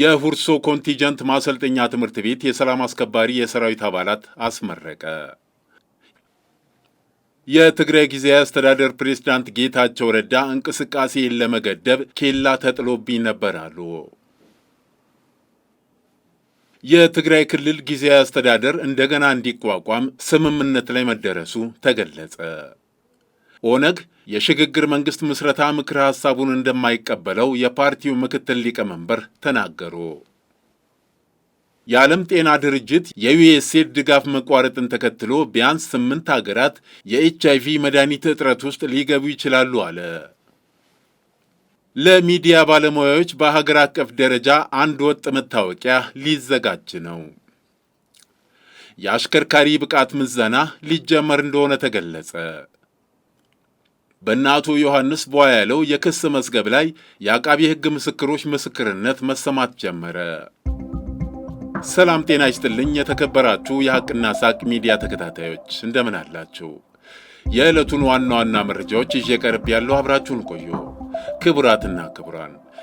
የሁርሶ ኮንቲጀንት ማሰልጠኛ ትምህርት ቤት የሰላም አስከባሪ የሰራዊት አባላት አስመረቀ። የትግራይ ጊዜያዊ አስተዳደር ፕሬዝዳንት ጌታቸው ረዳ እንቅስቃሴን ለመገደብ ኬላ ተጥሎብኝ ነበር አሉ። የትግራይ ክልል ጊዜያዊ አስተዳደር እንደገና እንዲቋቋም ስምምነት ላይ መደረሱ ተገለጸ። ኦነግ የሽግግር መንግስት ምስረታ ምክር ሀሳቡን እንደማይቀበለው የፓርቲው ምክትል ሊቀመንበር ተናገሩ። የዓለም ጤና ድርጅት የዩኤስኤድ ድጋፍ መቋረጥን ተከትሎ ቢያንስ ስምንት ሀገራት የኤች አይቪ መድኃኒት እጥረት ውስጥ ሊገቡ ይችላሉ አለ። ለሚዲያ ባለሙያዎች በሀገር አቀፍ ደረጃ አንድ ወጥ መታወቂያ ሊዘጋጅ ነው። የአሽከርካሪ ብቃት ምዘና ሊጀመር እንደሆነ ተገለጸ። በእነ አቶ ዮሐንስ ያለው የክስ መዝገብ ላይ የአቃቢ ሕግ ምስክሮች ምስክርነት መሰማት ጀመረ። ሰላም ጤና ይስጥልኝ። የተከበራችሁ የሐቅና ሳቅ ሚዲያ ተከታታዮች እንደምን አላችሁ? የዕለቱን ዋና ዋና መረጃዎች ይዤ ቀርብ ያለው አብራችሁን ቆዩ። ክቡራትና ክቡራን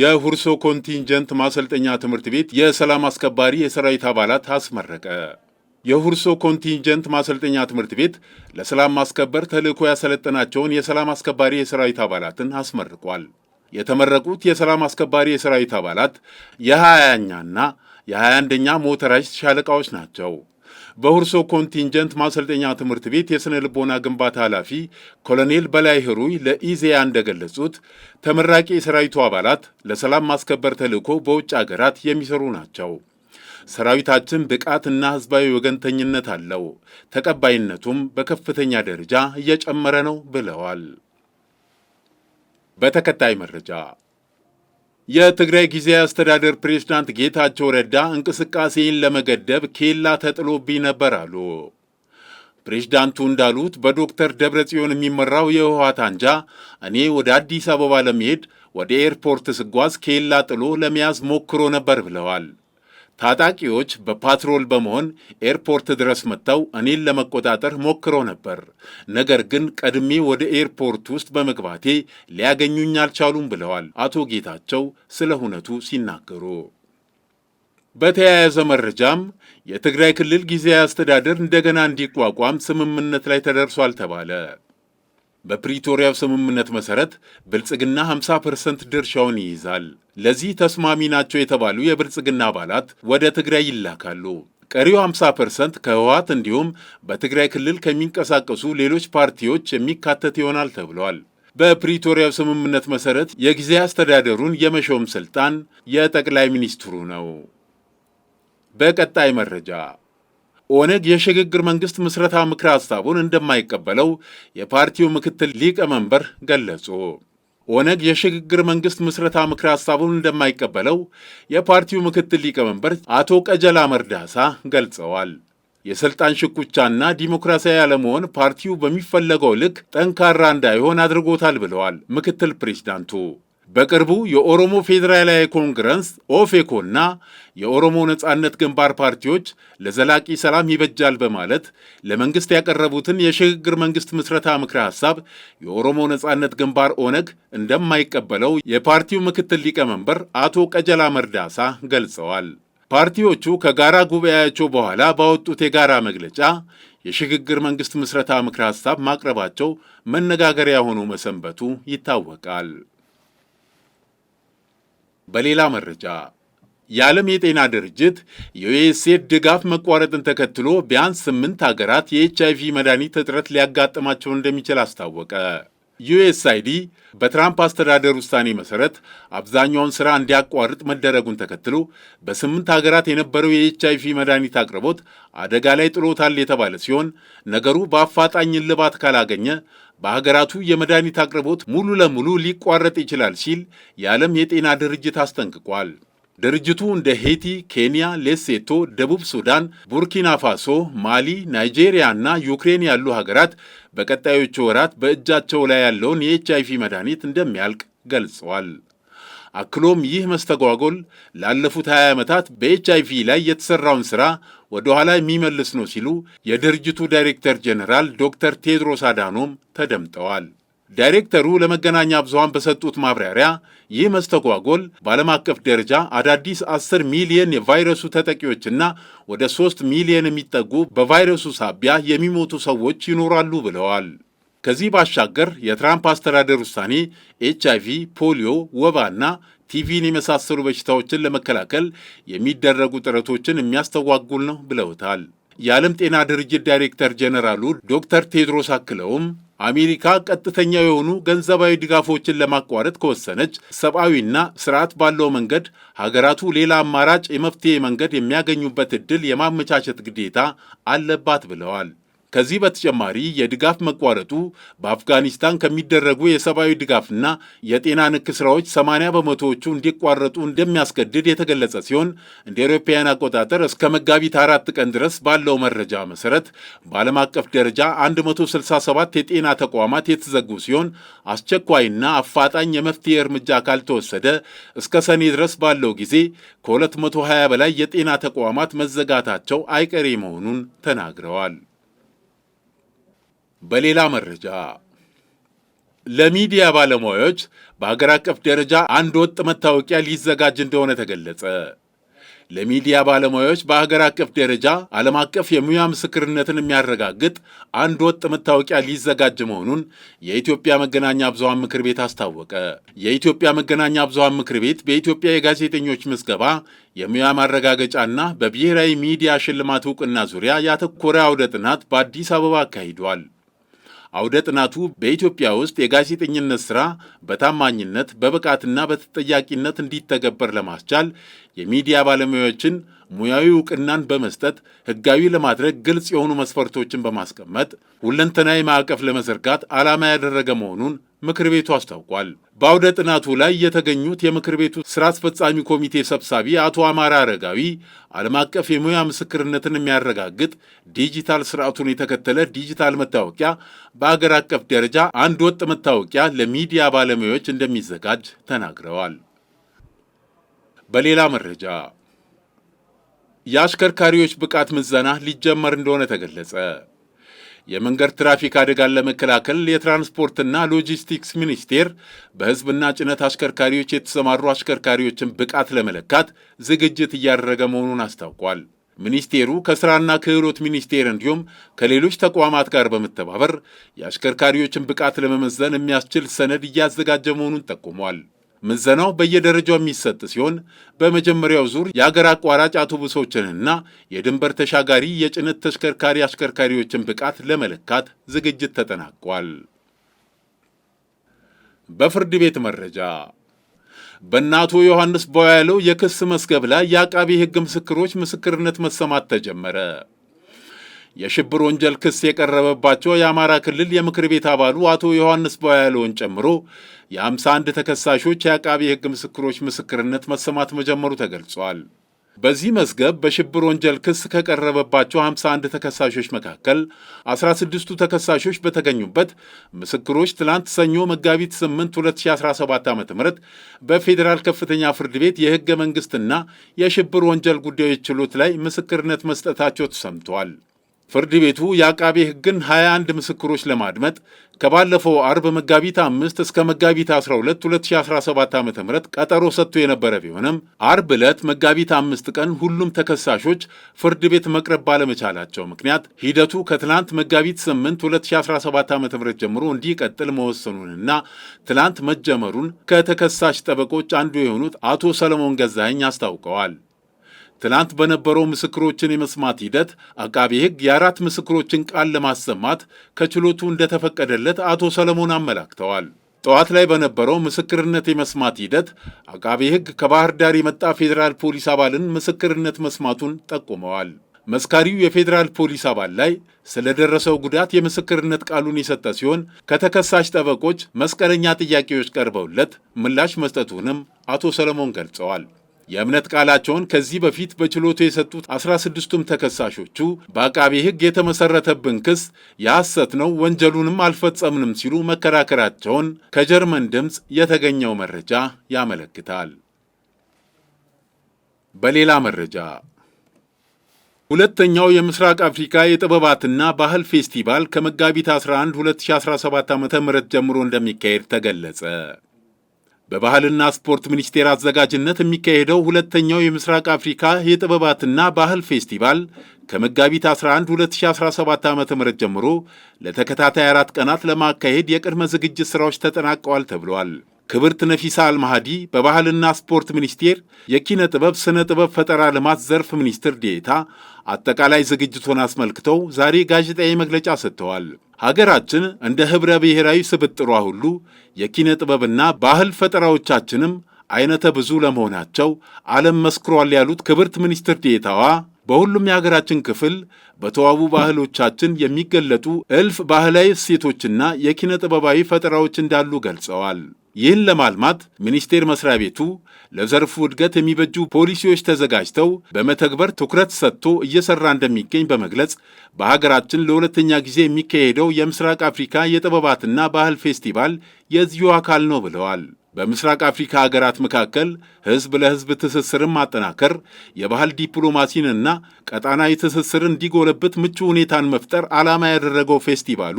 የሁርሶ ኮንቲንጀንት ማሰልጠኛ ትምህርት ቤት የሰላም አስከባሪ የሰራዊት አባላት አስመረቀ። የሁርሶ ኮንቲንጀንት ማሰልጠኛ ትምህርት ቤት ለሰላም ማስከበር ተልዕኮ ያሰለጠናቸውን የሰላም አስከባሪ የሰራዊት አባላትን አስመርቋል። የተመረቁት የሰላም አስከባሪ የሰራዊት አባላት የ20ኛና የ21ኛ ሞተራይዝድ ሻለቃዎች ናቸው። በሁርሶ ኮንቲንጀንት ማሰልጠኛ ትምህርት ቤት የሥነ ልቦና ግንባታ ኃላፊ ኮሎኔል በላይ ህሩይ ለኢዜያ እንደገለጹት ተመራቂ የሰራዊቱ አባላት ለሰላም ማስከበር ተልዕኮ በውጭ አገራት የሚሰሩ ናቸው። ሰራዊታችን ብቃትና ህዝባዊ ወገንተኝነት አለው፣ ተቀባይነቱም በከፍተኛ ደረጃ እየጨመረ ነው ብለዋል። በተከታይ መረጃ የትግራይ ጊዜያዊ አስተዳደር ፕሬዝዳንት ጌታቸው ረዳ እንቅስቃሴን ለመገደብ ኬላ ተጥሎብኝ ነበር አሉ። ፕሬዝዳንቱ እንዳሉት በዶክተር ደብረጽዮን የሚመራው የህወሓት አንጃ እኔ ወደ አዲስ አበባ ለመሄድ ወደ ኤርፖርት ስጓዝ ኬላ ጥሎ ለመያዝ ሞክሮ ነበር ብለዋል። ታጣቂዎች በፓትሮል በመሆን ኤርፖርት ድረስ መጥተው እኔን ለመቆጣጠር ሞክረው ነበር። ነገር ግን ቀድሜ ወደ ኤርፖርት ውስጥ በመግባቴ ሊያገኙኝ አልቻሉም ብለዋል አቶ ጌታቸው ስለ ሁነቱ ሲናገሩ። በተያያዘ መረጃም የትግራይ ክልል ጊዜያዊ አስተዳደር እንደገና እንዲቋቋም ስምምነት ላይ ተደርሷል ተባለ። በፕሪቶሪያው ስምምነት መሰረት ብልጽግና 50 ፐርሰንት ድርሻውን ይይዛል። ለዚህ ተስማሚ ናቸው የተባሉ የብልጽግና አባላት ወደ ትግራይ ይላካሉ። ቀሪው 50 ፐርሰንት ከህወሀት እንዲሁም በትግራይ ክልል ከሚንቀሳቀሱ ሌሎች ፓርቲዎች የሚካተት ይሆናል ተብሏል። በፕሪቶሪያው ስምምነት መሰረት የጊዜ አስተዳደሩን የመሾም ስልጣን የጠቅላይ ሚኒስትሩ ነው። በቀጣይ መረጃ ኦነግ የሽግግር መንግስት ምስረታ ምክረ ሀሳቡን እንደማይቀበለው የፓርቲው ምክትል ሊቀመንበር ገለጹ። ኦነግ የሽግግር መንግስት ምስረታ ምክረ ሀሳቡን እንደማይቀበለው የፓርቲው ምክትል ሊቀመንበር አቶ ቀጀላ መርዳሳ ገልጸዋል። የስልጣን ሽኩቻና ዲሞክራሲያዊ አለመሆን ፓርቲው በሚፈለገው ልክ ጠንካራ እንዳይሆን አድርጎታል ብለዋል ምክትል ፕሬዚዳንቱ። በቅርቡ የኦሮሞ ፌዴራላዊ ኮንግረስ ኦፌኮ እና የኦሮሞ ነጻነት ግንባር ፓርቲዎች ለዘላቂ ሰላም ይበጃል በማለት ለመንግስት ያቀረቡትን የሽግግር መንግስት ምስረታ ምክረ ሐሳብ የኦሮሞ ነጻነት ግንባር ኦነግ እንደማይቀበለው የፓርቲው ምክትል ሊቀመንበር አቶ ቀጀላ መርዳሳ ገልጸዋል። ፓርቲዎቹ ከጋራ ጉባኤያቸው በኋላ ባወጡት የጋራ መግለጫ የሽግግር መንግስት ምስረታ ምክረ ሐሳብ ማቅረባቸው መነጋገሪያ ሆኖ መሰንበቱ ይታወቃል። በሌላ መረጃ የዓለም የጤና ድርጅት የዩኤስኤድ ድጋፍ መቋረጥን ተከትሎ ቢያንስ ስምንት ሀገራት የኤች አይቪ መድኃኒት እጥረት ሊያጋጥማቸው እንደሚችል አስታወቀ። ዩኤስአይዲ በትራምፕ አስተዳደር ውሳኔ መሠረት አብዛኛውን ሥራ እንዲያቋርጥ መደረጉን ተከትሎ በስምንት ሀገራት የነበረው የኤች መድኃኒት አቅርቦት አደጋ ላይ ጥሎታል የተባለ ሲሆን ነገሩ በአፋጣኝ እልባት ካላገኘ በሀገራቱ የመድኃኒት አቅርቦት ሙሉ ለሙሉ ሊቋረጥ ይችላል ሲል የዓለም የጤና ድርጅት አስጠንቅቋል። ድርጅቱ እንደ ሄቲ፣ ኬንያ፣ ሌሴቶ፣ ደቡብ ሱዳን፣ ቡርኪና ፋሶ፣ ማሊ፣ ናይጄሪያ እና ዩክሬን ያሉ ሀገራት በቀጣዮቹ ወራት በእጃቸው ላይ ያለውን የኤች አይቪ መድኃኒት እንደሚያልቅ ገልጸዋል። አክሎም ይህ መስተጓጎል ላለፉት 20 ዓመታት በኤችአይቪ ላይ የተሰራውን ሥራ ወደ ኋላ የሚመልስ ነው ሲሉ የድርጅቱ ዳይሬክተር ጄኔራል ዶክተር ቴድሮስ አዳኖም ተደምጠዋል። ዳይሬክተሩ ለመገናኛ ብዙሃን በሰጡት ማብራሪያ ይህ መስተጓጎል በዓለም አቀፍ ደረጃ አዳዲስ 10 ሚሊየን የቫይረሱ ተጠቂዎችና ወደ 3 ሚሊየን የሚጠጉ በቫይረሱ ሳቢያ የሚሞቱ ሰዎች ይኖራሉ ብለዋል። ከዚህ ባሻገር የትራምፕ አስተዳደር ውሳኔ ኤች አይቪ፣ ፖሊዮ፣ ወባና ቲቪን የመሳሰሉ በሽታዎችን ለመከላከል የሚደረጉ ጥረቶችን የሚያስተዋጉል ነው ብለውታል። የዓለም ጤና ድርጅት ዳይሬክተር ጄኔራሉ ዶክተር ቴድሮስ አክለውም አሜሪካ ቀጥተኛ የሆኑ ገንዘባዊ ድጋፎችን ለማቋረጥ ከወሰነች ሰብአዊና ስርዓት ባለው መንገድ ሀገራቱ ሌላ አማራጭ የመፍትሄ መንገድ የሚያገኙበት ዕድል የማመቻቸት ግዴታ አለባት ብለዋል። ከዚህ በተጨማሪ የድጋፍ መቋረጡ በአፍጋኒስታን ከሚደረጉ የሰብአዊ ድጋፍና የጤና ንክ ስራዎች 80 በመቶዎቹ እንዲቋረጡ እንደሚያስገድድ የተገለጸ ሲሆን እንደ አውሮፓውያን አቆጣጠር እስከ መጋቢት አራት ቀን ድረስ ባለው መረጃ መሰረት በዓለም አቀፍ ደረጃ 167 የጤና ተቋማት የተዘጉ ሲሆን አስቸኳይና አፋጣኝ የመፍትሄ እርምጃ ካልተወሰደ እስከ ሰኔ ድረስ ባለው ጊዜ ከ220 በላይ የጤና ተቋማት መዘጋታቸው አይቀሬ መሆኑን ተናግረዋል። በሌላ መረጃ ለሚዲያ ባለሙያዎች በአገር አቀፍ ደረጃ አንድ ወጥ መታወቂያ ሊዘጋጅ እንደሆነ ተገለጸ። ለሚዲያ ባለሙያዎች በሀገር አቀፍ ደረጃ ዓለም አቀፍ የሙያ ምስክርነትን የሚያረጋግጥ አንድ ወጥ መታወቂያ ሊዘጋጅ መሆኑን የኢትዮጵያ መገናኛ ብዙሃን ምክር ቤት አስታወቀ። የኢትዮጵያ መገናኛ ብዙሃን ምክር ቤት በኢትዮጵያ የጋዜጠኞች ምዝገባ የሙያ ማረጋገጫና በብሔራዊ ሚዲያ ሽልማት እውቅና ዙሪያ ያተኮረ አውደ ጥናት በአዲስ አበባ አካሂዷል። አውደ ጥናቱ በኢትዮጵያ ውስጥ የጋዜጠኝነት ስራ በታማኝነት በብቃትና በተጠያቂነት እንዲተገበር ለማስቻል የሚዲያ ባለሙያዎችን ሙያዊ እውቅናን በመስጠት ህጋዊ ለማድረግ ግልጽ የሆኑ መስፈርቶችን በማስቀመጥ ሁለንተናዊ ማዕቀፍ ለመዘርጋት ዓላማ ያደረገ መሆኑን ምክር ቤቱ አስታውቋል። በአውደ ጥናቱ ላይ የተገኙት የምክር ቤቱ ስራ አስፈጻሚ ኮሚቴ ሰብሳቢ አቶ አማራ አረጋዊ ዓለም አቀፍ የሙያ ምስክርነትን የሚያረጋግጥ ዲጂታል ስርዓቱን የተከተለ ዲጂታል መታወቂያ በአገር አቀፍ ደረጃ አንድ ወጥ መታወቂያ ለሚዲያ ባለሙያዎች እንደሚዘጋጅ ተናግረዋል። በሌላ መረጃ የአሽከርካሪዎች ብቃት ምዘና ሊጀመር እንደሆነ ተገለጸ። የመንገድ ትራፊክ አደጋን ለመከላከል የትራንስፖርትና ሎጂስቲክስ ሚኒስቴር በሕዝብና ጭነት አሽከርካሪዎች የተሰማሩ አሽከርካሪዎችን ብቃት ለመለካት ዝግጅት እያደረገ መሆኑን አስታውቋል። ሚኒስቴሩ ከስራና ክህሎት ሚኒስቴር እንዲሁም ከሌሎች ተቋማት ጋር በመተባበር የአሽከርካሪዎችን ብቃት ለመመዘን የሚያስችል ሰነድ እያዘጋጀ መሆኑን ጠቁሟል። ምዘናው በየደረጃው የሚሰጥ ሲሆን በመጀመሪያው ዙር የአገር አቋራጭ አውቶቡሶችንና የድንበር ተሻጋሪ የጭነት ተሽከርካሪ አሽከርካሪዎችን ብቃት ለመለካት ዝግጅት ተጠናቋል። በፍርድ ቤት መረጃ በእነ አቶ ዮሐንስ ቧያለው የክስ መዝገብ ላይ የአቃቢ ሕግ ምስክሮች ምስክርነት መሰማት ተጀመረ። የሽብር ወንጀል ክስ የቀረበባቸው የአማራ ክልል የምክር ቤት አባሉ አቶ ዮሐንስ ቧያለውን ጨምሮ የ51 ተከሳሾች የአቃቢ ህግ ምስክሮች ምስክርነት መሰማት መጀመሩ ተገልጿል። በዚህ መዝገብ በሽብር ወንጀል ክስ ከቀረበባቸው 51 ተከሳሾች መካከል 16ቱ ተከሳሾች በተገኙበት ምስክሮች ትላንት ሰኞ መጋቢት 8 2017 ዓ ም በፌዴራል ከፍተኛ ፍርድ ቤት የሕገ መንግሥትና የሽብር ወንጀል ጉዳዮች ችሎት ላይ ምስክርነት መስጠታቸው ተሰምተዋል። ፍርድ ቤቱ የአቃቤ ሕግን 21 ምስክሮች ለማድመጥ ከባለፈው አርብ መጋቢት 5 እስከ መጋቢት 12 2017 ዓ ም ቀጠሮ ሰጥቶ የነበረ ቢሆንም አርብ ዕለት መጋቢት 5 ቀን ሁሉም ተከሳሾች ፍርድ ቤት መቅረብ ባለመቻላቸው ምክንያት ሂደቱ ከትናንት መጋቢት 8 2017 ዓ ም ጀምሮ እንዲቀጥል መወሰኑንና ትናንት መጀመሩን ከተከሳሽ ጠበቆች አንዱ የሆኑት አቶ ሰለሞን ገዛኸኝ አስታውቀዋል። ትናንት በነበረው ምስክሮችን የመስማት ሂደት አቃቤ ሕግ የአራት ምስክሮችን ቃል ለማሰማት ከችሎቱ እንደተፈቀደለት አቶ ሰለሞን አመላክተዋል። ጠዋት ላይ በነበረው ምስክርነት የመስማት ሂደት አቃቤ ሕግ ከባህር ዳር የመጣ ፌዴራል ፖሊስ አባልን ምስክርነት መስማቱን ጠቁመዋል። መስካሪው የፌዴራል ፖሊስ አባል ላይ ስለደረሰው ጉዳት የምስክርነት ቃሉን የሰጠ ሲሆን ከተከሳሽ ጠበቆች መስቀለኛ ጥያቄዎች ቀርበውለት ምላሽ መስጠቱንም አቶ ሰለሞን ገልጸዋል። የእምነት ቃላቸውን ከዚህ በፊት በችሎቱ የሰጡት አስራ ስድስቱም ተከሳሾቹ በአቃቤ ሕግ የተመሰረተብን ክስ የሐሰት ነው፣ ወንጀሉንም አልፈጸምንም ሲሉ መከራከራቸውን ከጀርመን ድምፅ የተገኘው መረጃ ያመለክታል። በሌላ መረጃ ሁለተኛው የምስራቅ አፍሪካ የጥበባትና ባህል ፌስቲቫል ከመጋቢት 11 2017 ዓ ም ጀምሮ እንደሚካሄድ ተገለጸ። በባህልና ስፖርት ሚኒስቴር አዘጋጅነት የሚካሄደው ሁለተኛው የምስራቅ አፍሪካ የጥበባትና ባህል ፌስቲቫል ከመጋቢት 11 2017 ዓ ም ጀምሮ ለተከታታይ አራት ቀናት ለማካሄድ የቅድመ ዝግጅት ሥራዎች ተጠናቀዋል ተብለዋል። ክብርት ነፊሳ አልማሃዲ በባህልና ስፖርት ሚኒስቴር የኪነ ጥበብ ስነ ጥበብ ፈጠራ ልማት ዘርፍ ሚኒስትር ዴኤታ አጠቃላይ ዝግጅቱን አስመልክተው ዛሬ ጋዜጣዊ መግለጫ ሰጥተዋል። ሀገራችን እንደ ኅብረ ብሔራዊ ስብጥሯ ሁሉ የኪነ ጥበብና ባህል ፈጠራዎቻችንም አይነተ ብዙ ለመሆናቸው ዓለም መስክሯል ያሉት ክብርት ሚኒስትር ዴታዋ በሁሉም የሀገራችን ክፍል በተዋቡ ባህሎቻችን የሚገለጡ እልፍ ባህላዊ እሴቶችና የኪነ ጥበባዊ ፈጠራዎች እንዳሉ ገልጸዋል። ይህን ለማልማት ሚኒስቴር መስሪያ ቤቱ ለዘርፉ እድገት የሚበጁ ፖሊሲዎች ተዘጋጅተው በመተግበር ትኩረት ሰጥቶ እየሰራ እንደሚገኝ በመግለጽ በሀገራችን ለሁለተኛ ጊዜ የሚካሄደው የምስራቅ አፍሪካ የጥበባትና ባህል ፌስቲቫል የዚሁ አካል ነው ብለዋል። በምስራቅ አፍሪካ ሀገራት መካከል ህዝብ ለህዝብ ትስስርን ማጠናከር፣ የባህል ዲፕሎማሲንና ቀጣናዊ ትስስር እንዲጎለብት ምቹ ሁኔታን መፍጠር ዓላማ ያደረገው ፌስቲቫሉ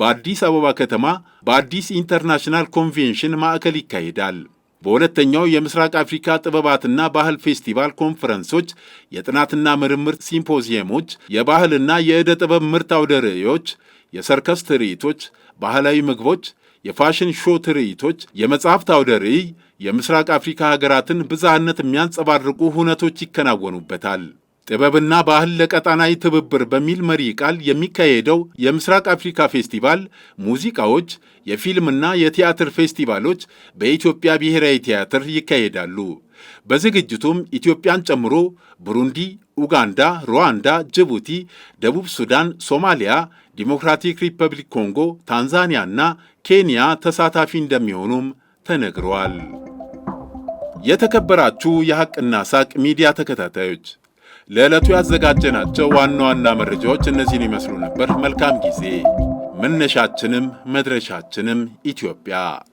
በአዲስ አበባ ከተማ በአዲስ ኢንተርናሽናል ኮንቬንሽን ማዕከል ይካሄዳል። በሁለተኛው የምስራቅ አፍሪካ ጥበባትና ባህል ፌስቲቫል ኮንፈረንሶች፣ የጥናትና ምርምር ሲምፖዚየሞች፣ የባህልና የዕደ ጥበብ ምርት አውደ ርዕዮች፣ የሰርከስ ትርኢቶች፣ ባህላዊ ምግቦች የፋሽን ሾው ትርኢቶች፣ የመጽሐፍት አውደ ርዕይ የምስራቅ አፍሪካ ሀገራትን ብዝሃነት የሚያንጸባርቁ ሁነቶች ይከናወኑበታል። ጥበብና ባህል ለቀጣናዊ ትብብር በሚል መሪ ቃል የሚካሄደው የምስራቅ አፍሪካ ፌስቲቫል ሙዚቃዎች፣ የፊልምና የቲያትር ፌስቲቫሎች በኢትዮጵያ ብሔራዊ ቲያትር ይካሄዳሉ። በዝግጅቱም ኢትዮጵያን ጨምሮ ቡሩንዲ፣ ኡጋንዳ፣ ሩዋንዳ፣ ጅቡቲ፣ ደቡብ ሱዳን፣ ሶማሊያ፣ ዲሞክራቲክ ሪፐብሊክ ኮንጎ፣ ታንዛኒያ እና ኬንያ ተሳታፊ እንደሚሆኑም ተነግረዋል። የተከበራችሁ የሐቅና ሳቅ ሚዲያ ተከታታዮች ለዕለቱ ያዘጋጀናቸው ዋና ዋና መረጃዎች እነዚህን ይመስሉ ነበር። መልካም ጊዜ። መነሻችንም መድረሻችንም ኢትዮጵያ።